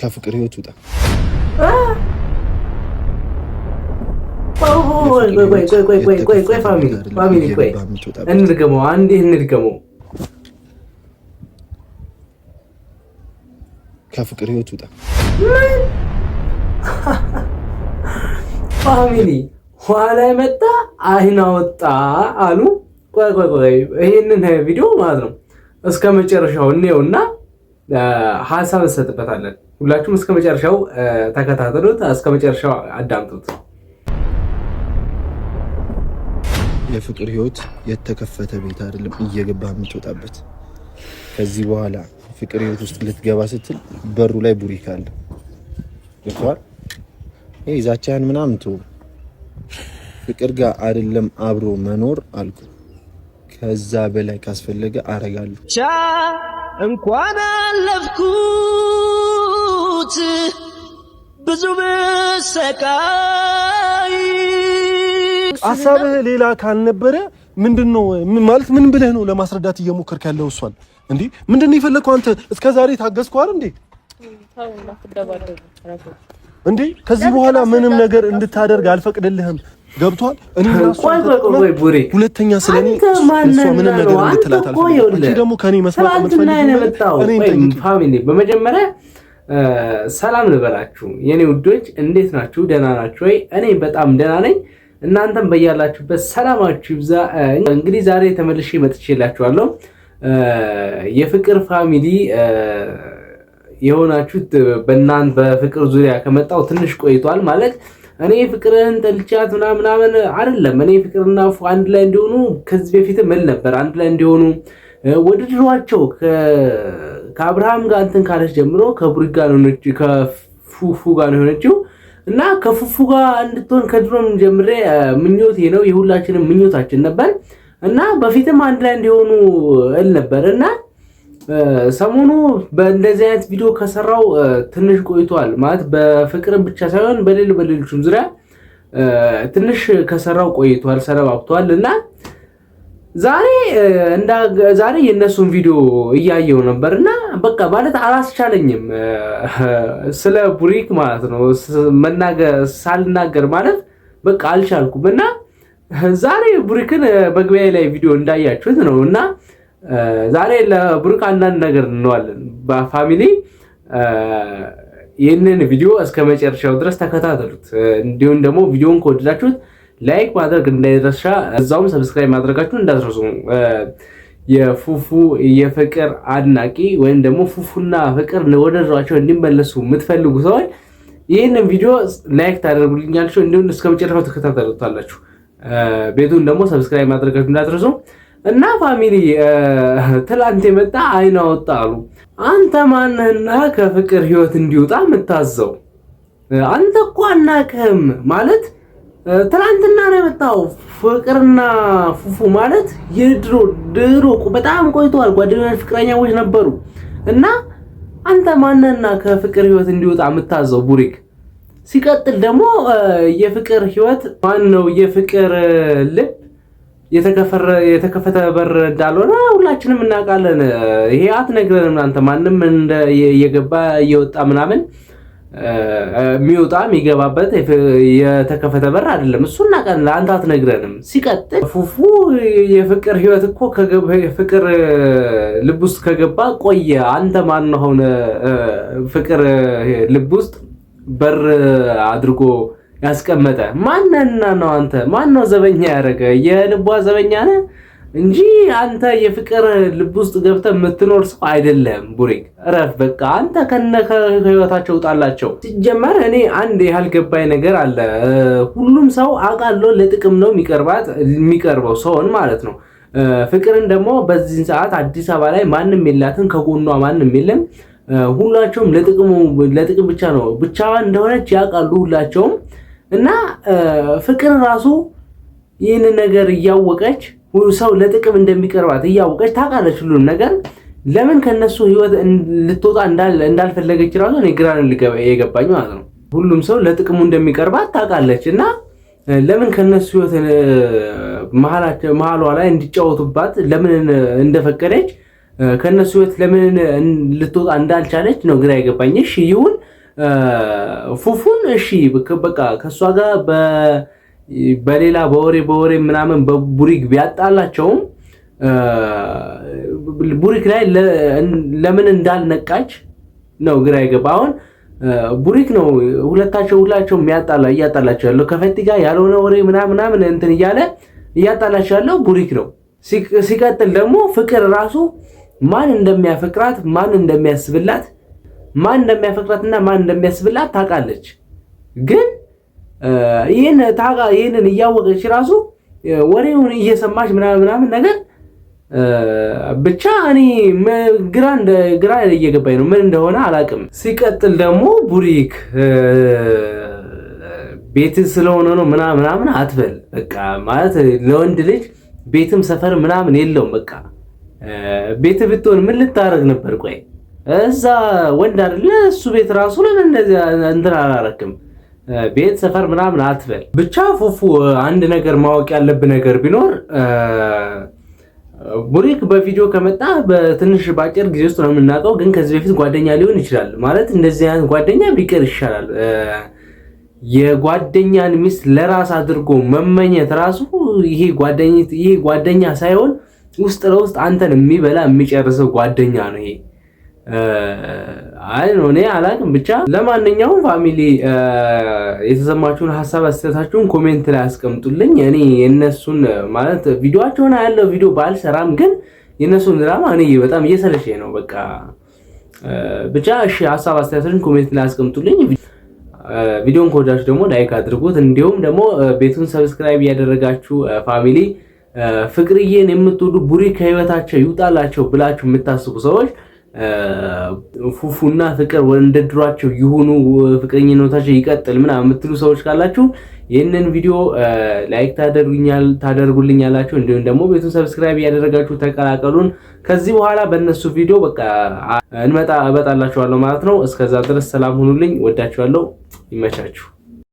ከፍቅር ህይወት ውጣ። እንድገመው አንዴ እንድገመው። ከፍቅር ህይወት ውጣ። ፋሚሊ ኋላ መጣ አይና ወጣ አሉ። ቆይ ቆይ ቆይ፣ ይሄንን ቪዲዮ ማለት ነው እስከ መጨረሻው እንየውና ሀሳብ እንሰጥበታለን። ሁላችሁም እስከ መጨረሻው ተከታተሉት፣ እስከ መጨረሻው አዳምጡት። የፍቅር ህይወት የተከፈተ ቤት አይደለም እየገባ የምትወጣበት። ከዚህ በኋላ ፍቅር ህይወት ውስጥ ልትገባ ስትል በሩ ላይ ቡሪክ አለ። ገብቶሃል? ይህ ዛቻህን ምናምን ፍቅር ጋር አይደለም አብሮ መኖር አልኩት። ከዛ በላይ ካስፈለገ አረጋለሁ። ቻ እንኳን አለፍኩት ብዙ ብሰቃይ። አሳብህ ሌላ ካልነበረ ምንድን ነው ማለት? ምን ብለህ ነው ለማስረዳት እየሞከርክ ያለው? እሷን እንዴ ምንድን ነው የፈለግከው አንተ? እስከ ዛሬ ታገዝከው አይደል እንዴ? እንዴ ከዚህ በኋላ ምንም ነገር እንድታደርግ አልፈቅድልህም። ገብቷል። ሁለተኛ ስለ እኔ እሷ ምንም ነገር እንድትላት አልፈልግም። ደግሞ ከእኔ መስማት የምትፈልጊው በመጀመሪያ ሰላም ልበላችሁ የኔ ውዶች፣ እንዴት ናችሁ? ደህና ናችሁ ወይ? እኔ በጣም ደህና ነኝ። እናንተም በያላችሁበት ሰላማችሁ ይብዛ። እንግዲህ ዛሬ ተመልሼ መጥቼላችኋለሁ። የፍቅር ፋሚሊ የሆናችሁት በናን በፍቅር ዙሪያ ከመጣው ትንሽ ቆይቷል ማለት እኔ ፍቅርህን ጠልቻት ምናምናምን አይደለም። እኔ ፍቅርና እፉ አንድ ላይ እንዲሆኑ ከዚህ በፊት ምን ነበር አንድ ላይ እንዲሆኑ ወደ ድሯቸው ከአብርሃም ጋር እንትን ካለች ጀምሮ ከቡሪክ ጋር ከፉፉ ጋር ነው የሆነችው እና ከፉፉ ጋር እንድትሆን ከድሮም ጀምሬ ምኞቴ ነው የሁላችንም ምኞታችን ነበር እና በፊትም አንድ ላይ እንዲሆኑ እል ነበር እና ሰሞኑ በእንደዚህ አይነት ቪዲዮ ከሰራው ትንሽ ቆይቷል። ማለት በፍቅርም ብቻ ሳይሆን በሌል በሌሎችም ዙሪያ ትንሽ ከሰራው ቆይቷል፣ ሰነባብቷል እና ዛሬ ዛሬ የእነሱን ቪዲዮ እያየው ነበር እና በቃ ማለት አላስቻለኝም ስለ ቡሪክ ማለት ነው መናገር ሳልናገር ማለት በቃ አልቻልኩም እና ዛሬ ቡሪክን መግቢያ ላይ ቪዲዮ እንዳያችሁት ነው እና ዛሬ ለብሩክ አንዳንድ ነገር እንለዋለን። በፋሚሊ ይህንን ቪዲዮ እስከ መጨረሻው ድረስ ተከታተሉት። እንዲሁም ደግሞ ቪዲዮን ከወደዳችሁት ላይክ ማድረግ እንዳይረሳ፣ እዛውም ሰብስክራይብ ማድረጋችሁ እንዳትረሱ። የፉፉ የፍቅር አድናቂ ወይም ደግሞ ፉፉና ፍቅር ወደ እንዲመለሱ የምትፈልጉ ሰዎች ይህንን ቪዲዮ ላይክ ታደርጉልኛላችሁ፣ እንዲሁም እስከ መጨረሻው ተከታተሉታላችሁ። ቤቱን ደግሞ ሰብስክራይብ ማድረጋችሁ እንዳትረሱ። እና ፋሚሊ ትላንት የመጣ አይን አወጣ አሉ። አንተ ማንህና ከፍቅር ህይወት እንዲወጣ የምታዘው? አንተ እኮ አናውቅህም ማለት ትላንትና ነው የመጣው። ፍቅርና ፉፉ ማለት የድሮ ድሮ በጣም ቆይተዋል፣ ጓደኛ ፍቅረኛዎች ነበሩ። እና አንተ ማንህና ከፍቅር ህይወት እንዲወጣ የምታዘው ቡሪክ? ሲቀጥል ደግሞ የፍቅር ህይወት ማን ነው የፍቅር ልብ የተከፈተ በር እንዳልሆነ ሁላችንም እናውቃለን። ይሄ አትነግረንም እናንተ ማንም እየገባ እየወጣ ምናምን የሚወጣ የሚገባበት የተከፈተ በር አይደለም። እሱ እናውቃለን፣ አንተ አትነግረንም። ሲቀጥል ፉፉ የፍቅር ህይወት እኮ ፍቅር ልብ ውስጥ ከገባ ቆየ። አንተ ማን ሆነ ፍቅር ልብ ውስጥ በር አድርጎ ያስቀመጠ ማነና ነው አንተ? ነው ዘበኛ ያደረገ? የልቧ ዘበኛ ነህ እንጂ አንተ የፍቅር ልብ ውስጥ ገብተ የምትኖር ሰው አይደለም። ቡሪክ እረፍ በቃ። አንተ ከነ ህይወታቸው ውጣላቸው። ሲጀመር እኔ አንድ ያልገባኝ ነገር አለ። ሁሉም ሰው አውቃለሁ ለጥቅም ነው የሚቀርባት የሚቀርበው ሰውን ማለት ነው። ፍቅርን ደግሞ በዚህን ሰዓት አዲስ አበባ ላይ ማንም የላትን ከጎኗ ማንም የለም። ሁላቸውም ለጥቅም ብቻ ነው ብቻዋን እንደሆነች ያውቃሉ ሁላቸውም እና ፍቅር ራሱ ይህንን ነገር እያወቀች ሰው ለጥቅም እንደሚቀርባት እያወቀች ታውቃለች ሁሉም ነገር ለምን ከነሱ ህይወት ልትወጣ እንዳልፈለገች ራሱ እኔ ግራ የገባኝ ማለት ነው። ሁሉም ሰው ለጥቅሙ እንደሚቀርባት ታውቃለች እና ለምን ከነሱ ህይወት መሀሏ ላይ እንዲጫወቱባት ለምን እንደፈቀደች ከነሱ ህይወት ለምን ልትወጣ እንዳልቻለች ነው ግራ የገባኝ። እሺ ይሁን ፉፉን እሺ በቃ ከእሷ ጋር በሌላ በወሬ በወሬ ምናምን በቡሪክ ቢያጣላቸውም ቡሪክ ላይ ለምን እንዳልነቃች ነው ግራ የገባ። አሁን ቡሪክ ነው ሁለታቸው ሁላቸው የሚያጣላ እያጣላቸው ያለው ከፈቲ ጋር ያልሆነ ወሬ ምናምናምን እንትን እያለ እያጣላቸው ያለው ቡሪክ ነው። ሲቀጥል ደግሞ ፍቅር ራሱ ማን እንደሚያፈቅራት ማን እንደሚያስብላት ማን እንደሚያፈቅራትና ማን እንደሚያስብላት ታውቃለች። ግን ይህንን እያወቀች ራሱ ወሬውን እየሰማች ምናምን ምናምን ነገር ብቻ እኔ ግራ እየገባኝ ነው፣ ምን እንደሆነ አላውቅም። ሲቀጥል ደግሞ ቡሪክ ቤት ስለሆነ ነው ምናምን ምናምን አትበል። በቃ ማለት ለወንድ ልጅ ቤትም ሰፈር ምናምን የለውም። በቃ ቤት ብትሆን ምን ልታደርግ ነበር? ቆይ እዛ ወንድ አይደለ እሱ ቤት ራሱ ለምን እንደዚህ እንትን አላረክም? ቤት ሰፈር ምናምን አትበል። ብቻ ፉፉ አንድ ነገር ማወቅ ያለብህ ነገር ቢኖር ቡሪክ በቪዲዮ ከመጣ በትንሽ በአጭር ጊዜ ውስጥ ነው የምናውቀው። ግን ከዚህ በፊት ጓደኛ ሊሆን ይችላል ማለት እንደዚህ አይነት ጓደኛ ቢቀር ይሻላል። የጓደኛን ሚስት ለራስ አድርጎ መመኘት ራሱ ይሄ ጓደኛ ሳይሆን ውስጥ ለውስጥ አንተን የሚበላ የሚጨርሰው ጓደኛ ነው ይሄ አይ እኔ አላቅም። ብቻ ለማንኛውም ፋሚሊ የተሰማችሁን ሀሳብ አስተያየታችሁን ኮሜንት ላይ አስቀምጡልኝ። እኔ የነሱን ማለት ቪዲዮቸውን ያለው ቪዲዮ ባልሰራም ግን የነሱን ድራማ እኔ በጣም እየሰለሼ ነው። በቃ ብቻ እሺ፣ ሀሳብ አስተያየታችሁን ኮሜንት ላይ አስቀምጡልኝ። ቪዲዮን ከወዳችሁ ደግሞ ላይክ አድርጉት። እንዲሁም ደግሞ ቤቱን ሰብስክራይብ እያደረጋችሁ ፋሚሊ ፍቅርዬን የምትወዱ ቡሪ ከህይወታቸው ይውጣላቸው ብላችሁ የምታስቡ ሰዎች ፉፉና ፍቅር ወደ ድሯቸው ይሁኑ፣ ፍቅረኝነታቸው ይቀጥል ምናምን የምትሉ ሰዎች ካላችሁ ይህንን ቪዲዮ ላይክ ታደርጉኛል ታደርጉልኛላችሁ እንዲሁም ደግሞ ቤቱን ሰብስክራይብ ያደረጋችሁ ተቀላቀሉን። ከዚህ በኋላ በእነሱ ቪዲዮ በቃ እንመጣ እበጣላችኋለሁ ማለት ነው። እስከዛ ድረስ ሰላም ሁኑልኝ። ወዳችኋለሁ። ይመቻችሁ።